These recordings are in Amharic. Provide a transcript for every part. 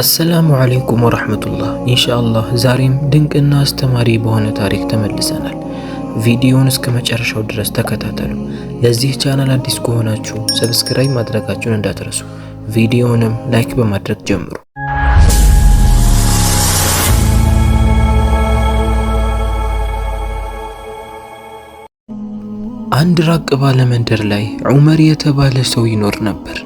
አሰላሙ አለይኩም ወረህመቱላህ። ኢንሻአላህ ዛሬም ድንቅና አስተማሪ በሆነ ታሪክ ተመልሰናል። ቪዲዮውን እስከ መጨረሻው ድረስ ተከታተሉ። ለዚህ ቻናል አዲስ ከሆናችሁ ሰብስክራይብ ማድረጋችሁን እንዳትረሱ። ቪዲዮውንም ላይክ በማድረግ ጀምሩ። አንድ ራቅ ባለ መንደር ላይ ዑመር የተባለ ሰው ይኖር ነበር።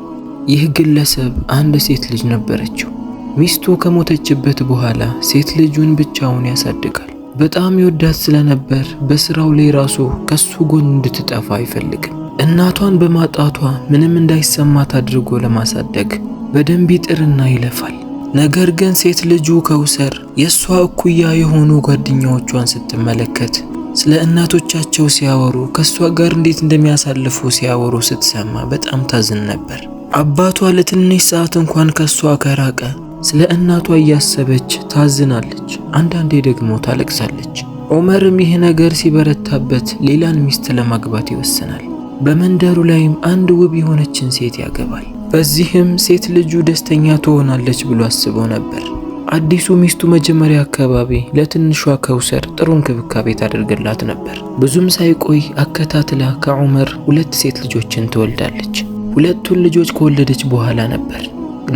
ይህ ግለሰብ አንድ ሴት ልጅ ነበረችው። ሚስቱ ከሞተችበት በኋላ ሴት ልጁን ብቻውን ያሳድጋል። በጣም ይወዳት ስለነበር በስራው ላይ ራሱ ከሱ ጎን እንድትጠፋ አይፈልግም። እናቷን በማጣቷ ምንም እንዳይሰማት አድርጎ ለማሳደግ በደንብ ይጥርና ይለፋል። ነገር ግን ሴት ልጁ ከውሰር የእሷ እኩያ የሆኑ ጓደኛዎቿን ስትመለከት ስለ እናቶቻቸው ሲያወሩ ከእሷ ጋር እንዴት እንደሚያሳልፉ ሲያወሩ ስትሰማ በጣም ታዝን ነበር። አባቷ ለትንሽ ሰዓት እንኳን ከእሷ ከራቀ ስለ እናቷ እያሰበች ታዝናለች፣ አንዳንዴ ደግሞ ታለቅሳለች። ኦመርም ይህ ነገር ሲበረታበት ሌላን ሚስት ለማግባት ይወስናል። በመንደሩ ላይም አንድ ውብ የሆነችን ሴት ያገባል። በዚህም ሴት ልጁ ደስተኛ ትሆናለች ብሎ አስቦ ነበር። አዲሱ ሚስቱ መጀመሪያ አካባቢ ለትንሿ ከውሰር ጥሩ እንክብካቤ ታደርግላት ነበር። ብዙም ሳይቆይ አከታትላ ከዑመር ሁለት ሴት ልጆችን ትወልዳለች። ሁለቱን ልጆች ከወለደች በኋላ ነበር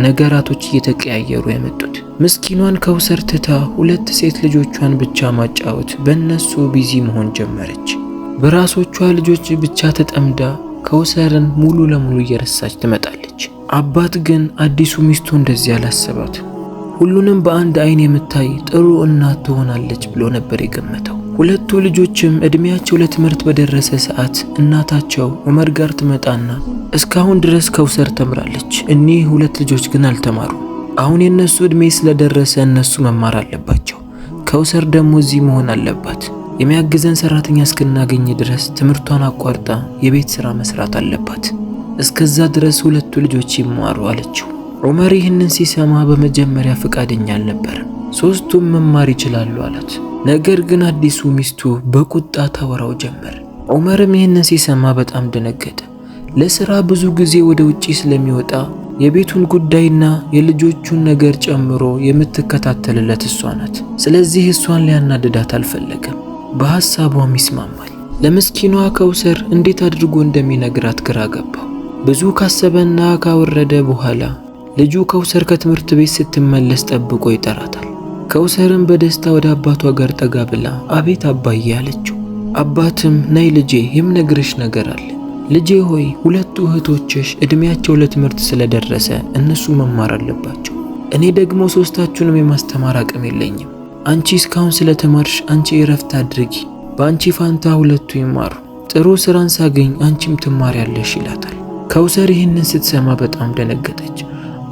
ነገራቶች እየተቀያየሩ የመጡት። ምስኪኗን ከውሰር ትታ ሁለት ሴት ልጆቿን ብቻ ማጫወት፣ በእነሱ ቢዚ መሆን ጀመረች። በራሶቿ ልጆች ብቻ ተጠምዳ ከውሰርን ሙሉ ለሙሉ እየረሳች ትመጣለች። አባት ግን አዲሱ ሚስቱ እንደዚህ አላሰባት። ሁሉንም በአንድ አይን የምታይ ጥሩ እናት ትሆናለች ብሎ ነበር የገመተው። ሁለቱ ልጆችም እድሜያቸው ለትምህርት በደረሰ ሰዓት እናታቸው ዑመር ጋር ትመጣና እስካሁን ድረስ ከውሰር ተምራለች። እኒህ ሁለት ልጆች ግን አልተማሩ። አሁን የእነሱ እድሜ ስለደረሰ እነሱ መማር አለባቸው። ከውሰር ደግሞ እዚህ መሆን አለባት። የሚያግዘን ሰራተኛ እስክናገኝ ድረስ ትምህርቷን አቋርጣ የቤት ስራ መስራት አለባት። እስከዛ ድረስ ሁለቱ ልጆች ይማሩ አለችው። ዑመር ይህንን ሲሰማ በመጀመሪያ ፈቃደኛ አልነበረም። ሦስቱም መማር ይችላሉ አላት። ነገር ግን አዲሱ ሚስቱ በቁጣ ታወራው ጀመር። ዑመርም ይህንን ሲሰማ በጣም ደነገጠ። ለሥራ ብዙ ጊዜ ወደ ውጪ ስለሚወጣ የቤቱን ጉዳይና የልጆቹን ነገር ጨምሮ የምትከታተልለት እሷ ናት። ስለዚህ እሷን ሊያናድዳት አልፈለገም። በሐሳቧም ይስማማል። ለምስኪኗ ከውሰር እንዴት አድርጎ እንደሚነግራት ግራ ገባው። ብዙ ካሰበና ካወረደ በኋላ ልጁ ከውሰር ከትምህርት ቤት ስትመለስ ጠብቆ ይጠራታል። ከውሰርም በደስታ ወደ አባቷ ጋር ጠጋ ብላ አቤት አባዬ አለችው። አባትም ነይ ልጄ የምነግርሽ ነገር አለ። ልጄ ሆይ ሁለቱ እህቶችሽ ዕድሜያቸው ለትምህርት ስለደረሰ እነሱ መማር አለባቸው። እኔ ደግሞ ሦስታችሁንም የማስተማር አቅም የለኝም። አንቺ እስካሁን ስለተማርሽ አንቺ የረፍት አድርጊ፣ በአንቺ ፋንታ ሁለቱ ይማሩ፣ ጥሩ ስራን ሳገኝ አንቺም ትማሪያለሽ ይላታል። ከውሰር ይህንን ስትሰማ በጣም ደነገጠች።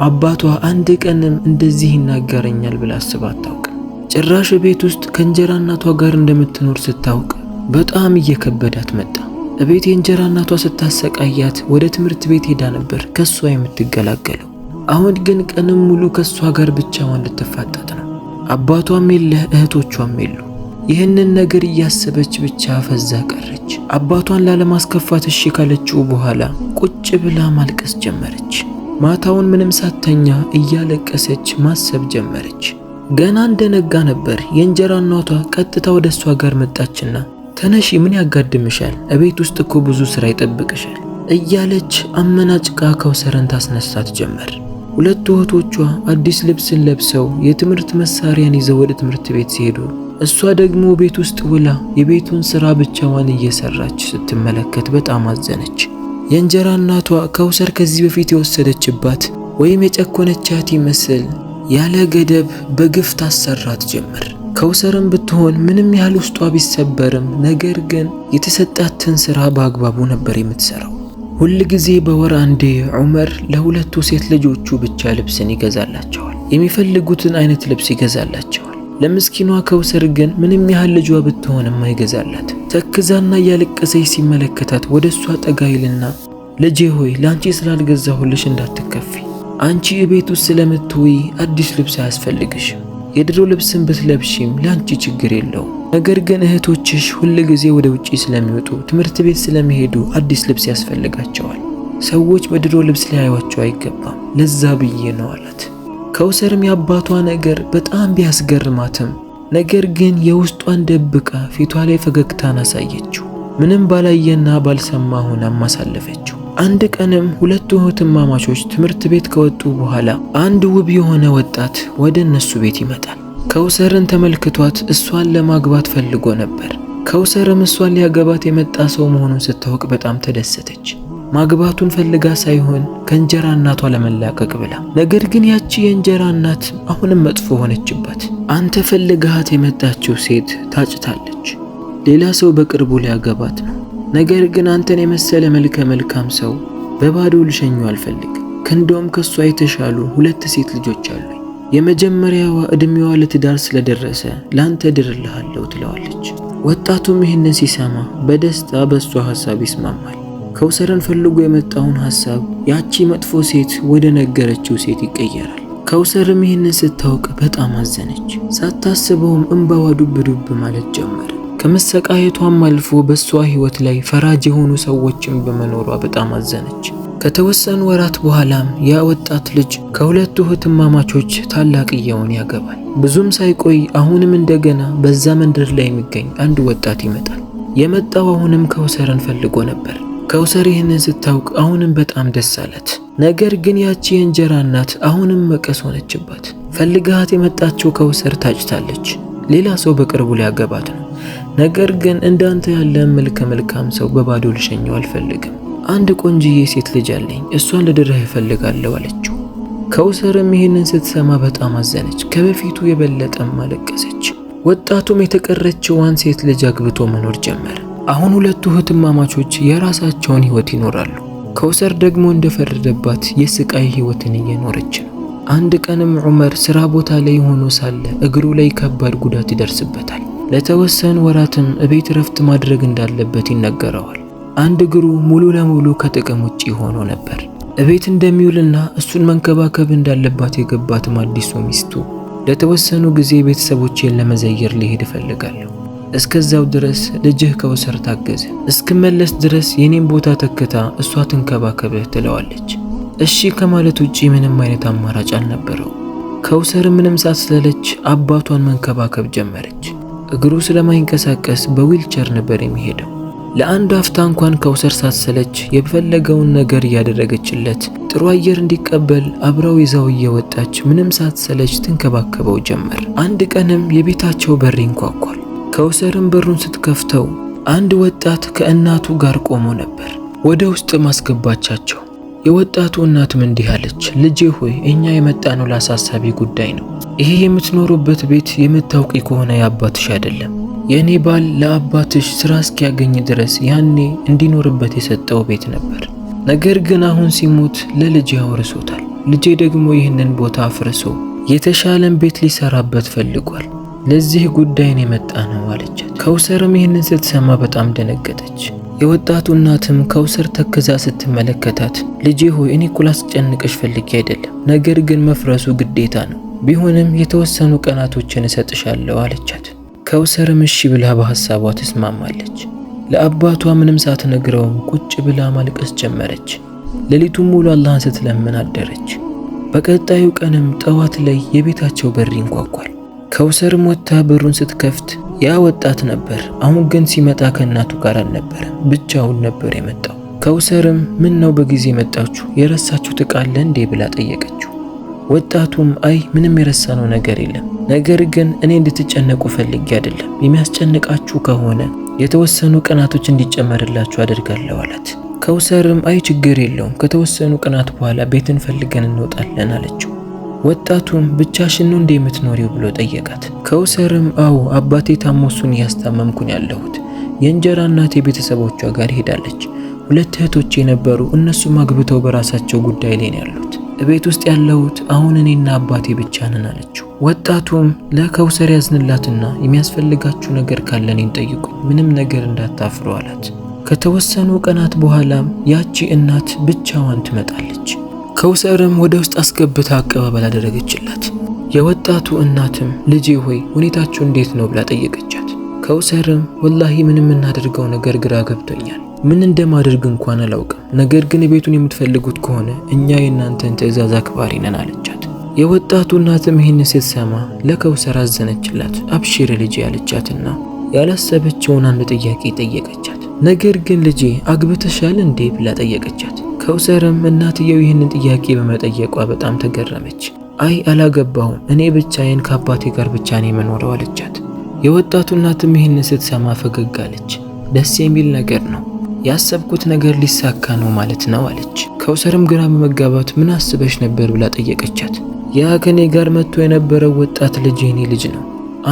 አባቷ አንድ ቀንም እንደዚህ ይናገረኛል ብላ አስባ አታውቅም። ጭራሽ ቤት ውስጥ ከእንጀራ እናቷ ጋር እንደምትኖር ስታውቅ በጣም እየከበዳት መጣ። እቤት የእንጀራ እናቷ ስታሰቃያት ወደ ትምህርት ቤት ሄዳ ነበር ከሷ የምትገላገለው። አሁን ግን ቀንም ሙሉ ከሷ ጋር ብቻዋን ልትፋጠጥ ነው። አባቷም የለ እህቶቿም የሉ። ይህንን ነገር እያሰበች ብቻ ፈዛ ቀረች። አባቷን ላለማስከፋት እሺ ካለችው በኋላ ቁጭ ብላ ማልቀስ ጀመረች። ማታውን ምንም ሳተኛ እያለቀሰች ማሰብ ጀመረች። ገና እንደነጋ ነበር የእንጀራ እናቷ ቀጥታ ወደ እሷ ጋር መጣችና ተነሺ፣ ምን ያጋድምሻል? እቤት ውስጥ እኮ ብዙ ስራ ይጠብቅሻል እያለች አመናጭቃ ከውሰረን ታስነሳት ጀመር። ሁለቱ እህቶቿ አዲስ ልብስን ለብሰው የትምህርት መሳሪያን ይዘው ወደ ትምህርት ቤት ሲሄዱ እሷ ደግሞ ቤት ውስጥ ውላ የቤቱን ስራ ብቻዋን እየሰራች ስትመለከት በጣም አዘነች። የእንጀራ እናቷ ከውሰር ከዚህ በፊት የወሰደችባት ወይም የጨኮነቻት ይመስል ያለ ገደብ በግፍ ታሰራት ጀመር። ከውሰርም ብትሆን ምንም ያህል ውስጧ ቢሰበርም ነገር ግን የተሰጣትን ሥራ በአግባቡ ነበር የምትሠራው። ሁል ጊዜ በወር አንዴ ዑመር ለሁለቱ ሴት ልጆቹ ብቻ ልብስን ይገዛላቸዋል። የሚፈልጉትን አይነት ልብስ ይገዛላቸዋል። ለምስኪኗ ከውሰር ግን ምንም ያህል ልጇ ብትሆንም አይገዛላት። ተክዛና እያለቀሰች ሲመለከታት ወደ እሷ ጠጋ ይልና ልጄ ሆይ ለአንቺ ስላልገዛሁልሽ እንዳትከፊ፣ አንቺ እቤት ውስጥ ስለምትውይ አዲስ ልብስ አያስፈልግሽም። የድሮ ልብስን ብትለብሽም ለአንቺ ችግር የለው ነገር ግን እህቶችሽ ሁል ጊዜ ወደ ውጪ ስለሚወጡ ትምህርት ቤት ስለሚሄዱ አዲስ ልብስ ያስፈልጋቸዋል። ሰዎች በድሮ ልብስ ሊያዩቸው አይገባም። ለዛ ብዬ ነው አላት። ከውሰርም የአባቷ ነገር በጣም ቢያስገርማትም ነገር ግን የውስጧን ደብቃ ፊቷ ላይ ፈገግታን አሳየችው። ምንም ባላየና ባልሰማ ሆናም አሳለፈችው። አንድ ቀንም ሁለቱ እህትማማቾች ትምህርት ቤት ከወጡ በኋላ አንድ ውብ የሆነ ወጣት ወደ እነሱ ቤት ይመጣል። ከውሰርን ተመልክቷት እሷን ለማግባት ፈልጎ ነበር። ከውሰርም እሷን ሊያገባት የመጣ ሰው መሆኑን ስታወቅ በጣም ተደሰተች። ማግባቱን ፈልጋ ሳይሆን ከእንጀራ እናቷ ለመላቀቅ ብላ። ነገር ግን ያቺ የእንጀራ እናት አሁንም መጥፎ ሆነችባት። አንተ ፈልግሃት የመጣችው ሴት ታጭታለች። ሌላ ሰው በቅርቡ ሊያገባት ነው። ነገር ግን አንተን የመሰለ መልከ መልካም ሰው በባዶ ልሸኙ አልፈልግ። ከእንደውም ከእሷ የተሻሉ ሁለት ሴት ልጆች አሉ። የመጀመሪያዋ ዕድሜዋ ለትዳር ስለደረሰ ለአንተ ድርልሃለሁ ትለዋለች። ወጣቱም ይህንን ሲሰማ በደስታ በእሷ ሐሳብ ይስማማል። ከውሰረን ፈልጎ የመጣውን ሐሳብ ያቺ መጥፎ ሴት ወደ ነገረችው ሴት ይቀየራል። ከውሰርም ይህንን ስታውቅ በጣም አዘነች። ሳታስበውም እንባዋ ዱብ ዱብ ማለት ጀመረ። ከመሰቃየቷም አልፎ በእሷ ሕይወት ላይ ፈራጅ የሆኑ ሰዎችን በመኖሯ በጣም አዘነች። ከተወሰኑ ወራት በኋላም ያ ወጣት ልጅ ከሁለቱ እህትማማቾች ታላቅየውን ያገባል። ብዙም ሳይቆይ አሁንም እንደገና በዛ መንደር ላይ የሚገኝ አንድ ወጣት ይመጣል። የመጣው አሁንም ከውሰረን ፈልጎ ነበር። ከውሰር ይህንን ስታውቅ አሁንም በጣም ደስ አላት። ነገር ግን ያቺ የእንጀራ እናት አሁንም መቀስ ሆነችባት። ፈልግሃት የመጣችው ከውሰር ታጭታለች። ሌላ ሰው በቅርቡ ሊያገባት ነው። ነገር ግን እንዳንተ ያለ መልከ መልካም ሰው በባዶ ልሸኘው አልፈልግም። አንድ ቆንጅዬ ሴት ልጅ አለኝ፣ እሷን ልድረህ እፈልጋለሁ አለችው። ከውሰርም ይህንን ስትሰማ በጣም አዘነች፣ ከበፊቱ የበለጠም አለቀሰች። ወጣቱም የተቀረችዋን ሴት ልጅ አግብቶ መኖር ጀመረ። አሁን ሁለቱ እህትማማቾች የራሳቸውን ህይወት ይኖራሉ። ከውሰር ደግሞ እንደፈረደባት የስቃይ ህይወትን እየኖረች ነው። አንድ ቀንም ዑመር ስራ ቦታ ላይ ሆኖ ሳለ እግሩ ላይ ከባድ ጉዳት ይደርስበታል። ለተወሰኑ ወራትም እቤት ረፍት ማድረግ እንዳለበት ይነገረዋል። አንድ እግሩ ሙሉ ለሙሉ ከጥቅም ውጪ ሆኖ ነበር። እቤት እንደሚውልና እሱን መንከባከብ እንዳለባት የገባትም አዲሱ ሚስቱ ለተወሰኑ ጊዜ ቤተሰቦቼን ለመዘየር ሊሄድ እፈልጋለሁ እስከዛው ድረስ ልጅህ ከውሰር ታገዘ። እስክመለስ ድረስ የኔን ቦታ ተክታ እሷ ትንከባከብህ ትለዋለች። እሺ ከማለት ውጪ ምንም አይነት አማራጭ አልነበረው። ከውሰር ምንም ሳትሰለች አባቷን መንከባከብ ጀመረች። እግሩ ስለማይንቀሳቀስ በዊልቸር ነበር የሚሄደው። ለአንድ አፍታ እንኳን ከውሰር ሳትሰለች የፈለገውን ነገር እያደረገችለት፣ ጥሩ አየር እንዲቀበል አብራው ይዛው እየወጣች ምንም ሳትሰለች ትንከባከበው ጀመር። አንድ ቀንም የቤታቸው በር ይንኳኳል። ከውሰርም በሩን ስትከፍተው አንድ ወጣት ከእናቱ ጋር ቆሞ ነበር። ወደ ውስጥ ማስገባቻቸው። የወጣቱ እናትም እንዲህ አለች፣ ልጄ ሆይ እኛ የመጣነው ላሳሳቢ ጉዳይ ነው። ይሄ የምትኖሩበት ቤት የምታውቂ ከሆነ የአባትሽ አይደለም። የእኔ ባል ለአባትሽ ስራ እስኪያገኝ ድረስ ያኔ እንዲኖርበት የሰጠው ቤት ነበር። ነገር ግን አሁን ሲሞት ለልጄ አውርሶታል። ልጄ ደግሞ ይህንን ቦታ አፍርሶ የተሻለን ቤት ሊሰራበት ፈልጓል። ለዚህ ጉዳይን የመጣ ነው አለቻት። ከውሰርም ይህንን ስትሰማ በጣም ደነገጠች። የወጣቱ እናትም ከውሰር ተክዛ ስትመለከታት ልጄ ሆይ እኔ እኮ ላስጨንቅሽ ፈልጌ አይደለም፣ ነገር ግን መፍረሱ ግዴታ ነው። ቢሆንም የተወሰኑ ቀናቶችን እሰጥሻለሁ አለቻት። ከውሰርም እሺ ብላ በሐሳቧ ትስማማለች። ለአባቷ ምንም ሳትነግረውም ቁጭ ብላ ማልቀስ ጀመረች። ሌሊቱም ሙሉ አላህን ስትለምን አደረች። በቀጣዩ ቀንም ጠዋት ላይ የቤታቸው በር ይንኳኳል። ከውሰርም ወጥታ በሩን ስትከፍት ያ ወጣት ነበር። አሁን ግን ሲመጣ ከእናቱ ጋር አልነበረ፣ ብቻውን ነበር የመጣው። ከውሰርም ምን ነው በጊዜ መጣችሁ የረሳችሁ ትቃለ እንዴ ብላ ጠየቀችው። ወጣቱም አይ ምንም የረሳነው ነገር የለም፣ ነገር ግን እኔ እንድትጨነቁ ፈልጌ አይደለም። የሚያስጨንቃችሁ ከሆነ የተወሰኑ ቀናቶች እንዲጨመርላችሁ አደርጋለሁ አላት። ከውሰርም አይ ችግር የለውም ከተወሰኑ ቀናት በኋላ ቤትን ፈልገን እንወጣለን አለችው። ወጣቱም ብቻሽን ነው እንዴ የምትኖሪው ብሎ ጠየቃት። ከውሰርም አው አባቴ ታሞሱን እሱን ያለሁት የእንጀራ እናቴ ቤተሰቦቿ ጋር ሄዳለች። ሁለት እህቶች የነበሩ እነሱም አግብተው በራሳቸው ጉዳይ ላይ ነው ያሉት። ቤት ውስጥ ያለሁት አሁን እኔና አባቴ ብቻ ነን አለችው። ወጣቱም ለከውሰር ያዝንላትና የሚያስፈልጋችሁ ነገር ካለ እኔን ጠይቁ፣ ምንም ነገር እንዳታፍሩ አላት። ከተወሰኑ ቀናት በኋላም ያቺ እናት ብቻዋን ትመጣለች። ከውሰርም ወደ ውስጥ አስገብታ አቀባበል አደረገችላት። የወጣቱ እናትም ልጄ ሆይ ሁኔታችሁ እንዴት ነው ብላ ጠየቀቻት። ከውሰርም ወላሂ ምን የምናደርገው ነገር ግራ ገብቶኛል፣ ምን እንደማደርግ እንኳን አላውቅም። ነገር ግን ቤቱን የምትፈልጉት ከሆነ እኛ የእናንተን ትዕዛዝ አክባሪ ነን አለቻት። የወጣቱ እናትም ይህን ስትሰማ ለከውሰር አዘነችላት። አብሽር ልጅ ያለቻትና ያላሰበችውን አንድ ጥያቄ ጠየቀቻት። ነገር ግን ልጄ አግብተሻል እንዴ ብላ ጠየቀቻት። ከውሰርም እናትየው ይህንን ጥያቄ በመጠየቋ በጣም ተገረመች። አይ አላገባሁም፣ እኔ ብቻዬን ከአባቴ ጋር ብቻ ነው የምኖረው አለቻት። የወጣቱ እናትም ይህንን ስትሰማ ፈገግ አለች። ደስ የሚል ነገር ነው ያሰብኩት ነገር ሊሳካ ነው ማለት ነው አለች። ከውሰርም ግራ በመጋባት ምን አስበሽ ነበር ብላ ጠየቀቻት። ያ ከኔ ጋር መጥቶ የነበረው ወጣት ልጅ የኔ ልጅ ነው።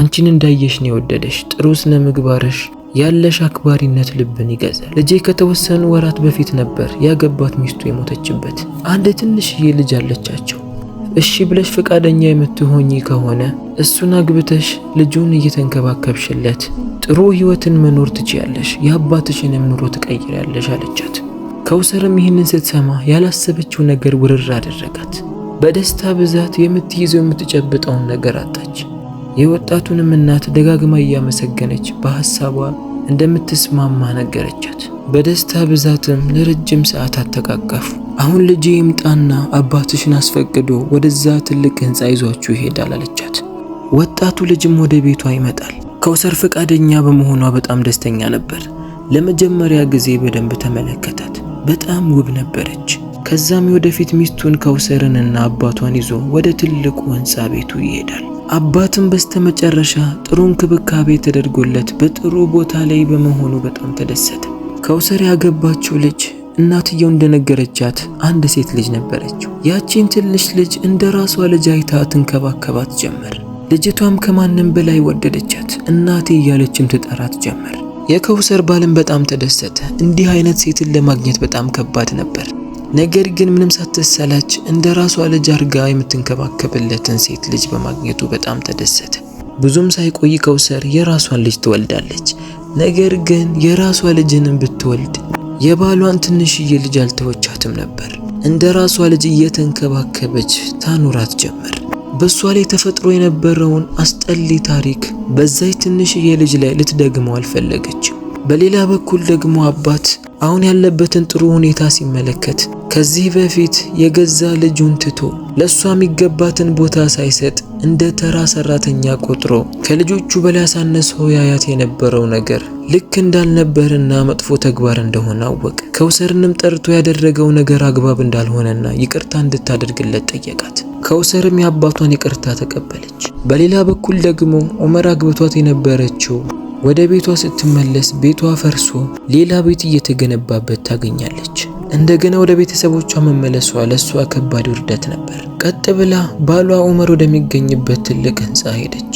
አንቺን እንዳየሽ ነው የወደደሽ። ጥሩ ስነ ምግባርሽ፣ ያለሽ አክባሪነት ልብን ይገዛል። ልጄ ከተወሰኑ ወራት በፊት ነበር ያገባት ሚስቱ የሞተችበት። አንድ ትንሽዬ ልጅ አለቻቸው። እሺ ብለሽ ፈቃደኛ የምትሆኚ ከሆነ እሱን አግብተሽ ልጁን እየተንከባከብሽለት ጥሩ ህይወትን መኖር ትችያለሽ፣ የአባትሽንም ኑሮ ትቀይሪያለሽ አለቻት። ከውሰርም ይህንን ስትሰማ ያላሰበችው ነገር ውርር አደረጋት። በደስታ ብዛት የምትይዘው የምትጨብጠውን ነገር አጣች። የወጣቱንም እናት ደጋግማ እያመሰገነች በሐሳቧ እንደምትስማማ ነገረቻት። በደስታ ብዛትም ለረጅም ሰዓታት ተቃቀፉ። አሁን ልጄ ይምጣና አባትሽን አስፈቅዶ ወደዛ ትልቅ ህንፃ ይዟችሁ ይሄዳል አለቻት። ወጣቱ ልጅም ወደ ቤቷ ይመጣል። ከውሰር ፈቃደኛ በመሆኗ በጣም ደስተኛ ነበር። ለመጀመሪያ ጊዜ በደንብ ተመለከታት። በጣም ውብ ነበረች። ከዛም የወደፊት ሚስቱን ከውሰርንና አባቷን ይዞ ወደ ትልቁ ህንፃ ቤቱ ይሄዳል። አባትም በስተመጨረሻ ጥሩ እንክብካቤ ተደርጎለት በጥሩ ቦታ ላይ በመሆኑ በጣም ተደሰተ። ከውሰር ያገባችው ልጅ እናትየው እንደነገረቻት አንድ ሴት ልጅ ነበረችው። ያቺን ትንሽ ልጅ እንደ ራሷ ልጅ አይታ ትንከባከባት ጀመር። ልጅቷም ከማንም በላይ ወደደቻት፣ እናቴ እያለችም ትጠራት ጀመር። የከውሰር ባልም በጣም ተደሰተ። እንዲህ አይነት ሴትን ለማግኘት በጣም ከባድ ነበር። ነገር ግን ምንም ሳትሰላች እንደ ራሷ ልጅ አድርጋ የምትንከባከብለትን ሴት ልጅ በማግኘቱ በጣም ተደሰተ። ብዙም ሳይቆይ ከውሰር የራሷን ልጅ ትወልዳለች። ነገር ግን የራሷ ልጅንም ብትወልድ የባሏን ትንሽዬ ልጅ አልተወቻትም ነበር። እንደ ራሷ ልጅ እየተንከባከበች ታኑራት ጀመር። በእሷ ላይ ተፈጥሮ የነበረውን አስጠሊ ታሪክ በዛች ትንሽዬ ልጅ ላይ ልትደግመው አልፈለገችም። በሌላ በኩል ደግሞ አባት አሁን ያለበትን ጥሩ ሁኔታ ሲመለከት ከዚህ በፊት የገዛ ልጁን ትቶ ለእሷ የሚገባትን ቦታ ሳይሰጥ እንደ ተራ ሰራተኛ ቆጥሮ ከልጆቹ በላይ ያሳነሰው ያያት የነበረው ነገር ልክ እንዳልነበርና መጥፎ ተግባር እንደሆነ አወቀ። ከውሰርንም ጠርቶ ያደረገው ነገር አግባብ እንዳልሆነና ይቅርታ እንድታደርግለት ጠየቃት። ከውሰርም የአባቷን ይቅርታ ተቀበለች። በሌላ በኩል ደግሞ ዑመር አግብቷት የነበረችው ወደ ቤቷ ስትመለስ ቤቷ ፈርሶ ሌላ ቤት እየተገነባበት ታገኛለች። እንደገና ወደ ቤተሰቦቿ መመለሷ ለእሷ ከባድ ውርደት ነበር። ቀጥ ብላ ባሏ ዑመር ወደሚገኝበት ትልቅ ህንፃ ሄደች።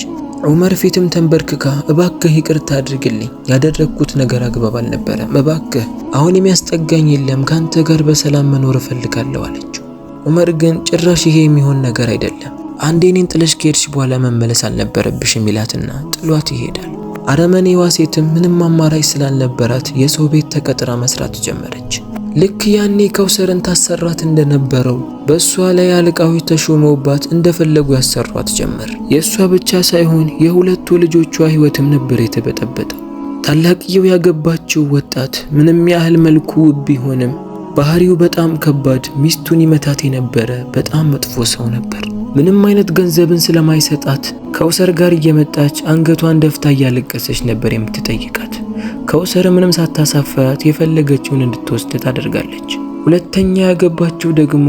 ዑመር ፊትም ተንበርክካ እባክህ ይቅርታ አድርግልኝ፣ ያደረግኩት ነገር አግባብ አልነበረም፣ እባክህ አሁን የሚያስጠጋኝ የለም፣ ከአንተ ጋር በሰላም መኖር እፈልጋለሁ አለችው። ዑመር ግን ጭራሽ ይሄ የሚሆን ነገር አይደለም፣ አንዴ እኔን ጥለሽ ከሄድሽ በኋላ መመለስ አልነበረብሽም ይላትና ጥሏት ይሄዳል። አረመኔዋ ሴትም ምንም አማራጭ ስላልነበራት የሰው ቤት ተቀጥራ መስራት ጀመረች። ልክ ያኔ ከውሰርን ታሰራት እንደነበረው በእሷ ላይ አለቃዎች ተሾመውባት እንደፈለጉ ያሰሯት ጀመር። የእሷ ብቻ ሳይሆን የሁለቱ ልጆቿ ሕይወትም ነበር የተበጠበጠው። ታላቅየው ያገባችው ወጣት ምንም ያህል መልኩ ውብ ቢሆንም ባህሪው በጣም ከባድ፣ ሚስቱን ይመታት የነበረ በጣም መጥፎ ሰው ነበር። ምንም አይነት ገንዘብን ስለማይሰጣት ከውሰር ጋር እየመጣች አንገቷን ደፍታ እያለቀሰች ነበር የምትጠይቃት። ከውሰር ምንም ሳታሳፋት የፈለገችውን እንድትወስድ ታደርጋለች። ሁለተኛ ያገባችው ደግሞ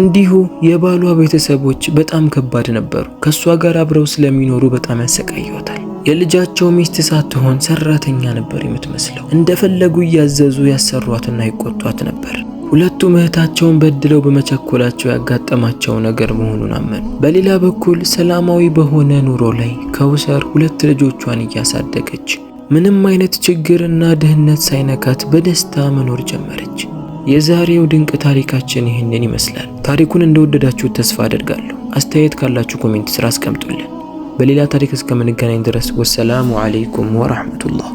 እንዲሁ የባሏ ቤተሰቦች በጣም ከባድ ነበሩ። ከእሷ ጋር አብረው ስለሚኖሩ በጣም ያሰቃይዋታል። የልጃቸው ሚስት ሳትሆን ሰራተኛ ነበር የምትመስለው። እንደፈለጉ እያዘዙ ያሰሯትና ይቆጧት ነበር። ሁለቱም እህታቸውን በድለው በመቸኮላቸው ያጋጠማቸው ነገር መሆኑን አመኑ። በሌላ በኩል ሰላማዊ በሆነ ኑሮ ላይ ከውሰር ሁለት ልጆቿን እያሳደገች ምንም አይነት ችግርና ድህነት ሳይነካት በደስታ መኖር ጀመረች። የዛሬው ድንቅ ታሪካችን ይህንን ይመስላል። ታሪኩን እንደወደዳችሁ ተስፋ አደርጋለሁ። አስተያየት ካላችሁ ኮሜንት ስራ አስቀምጡልን። በሌላ ታሪክ እስከምንገናኝ ድረስ ወሰላሙ አለይኩም ወራህመቱላህ።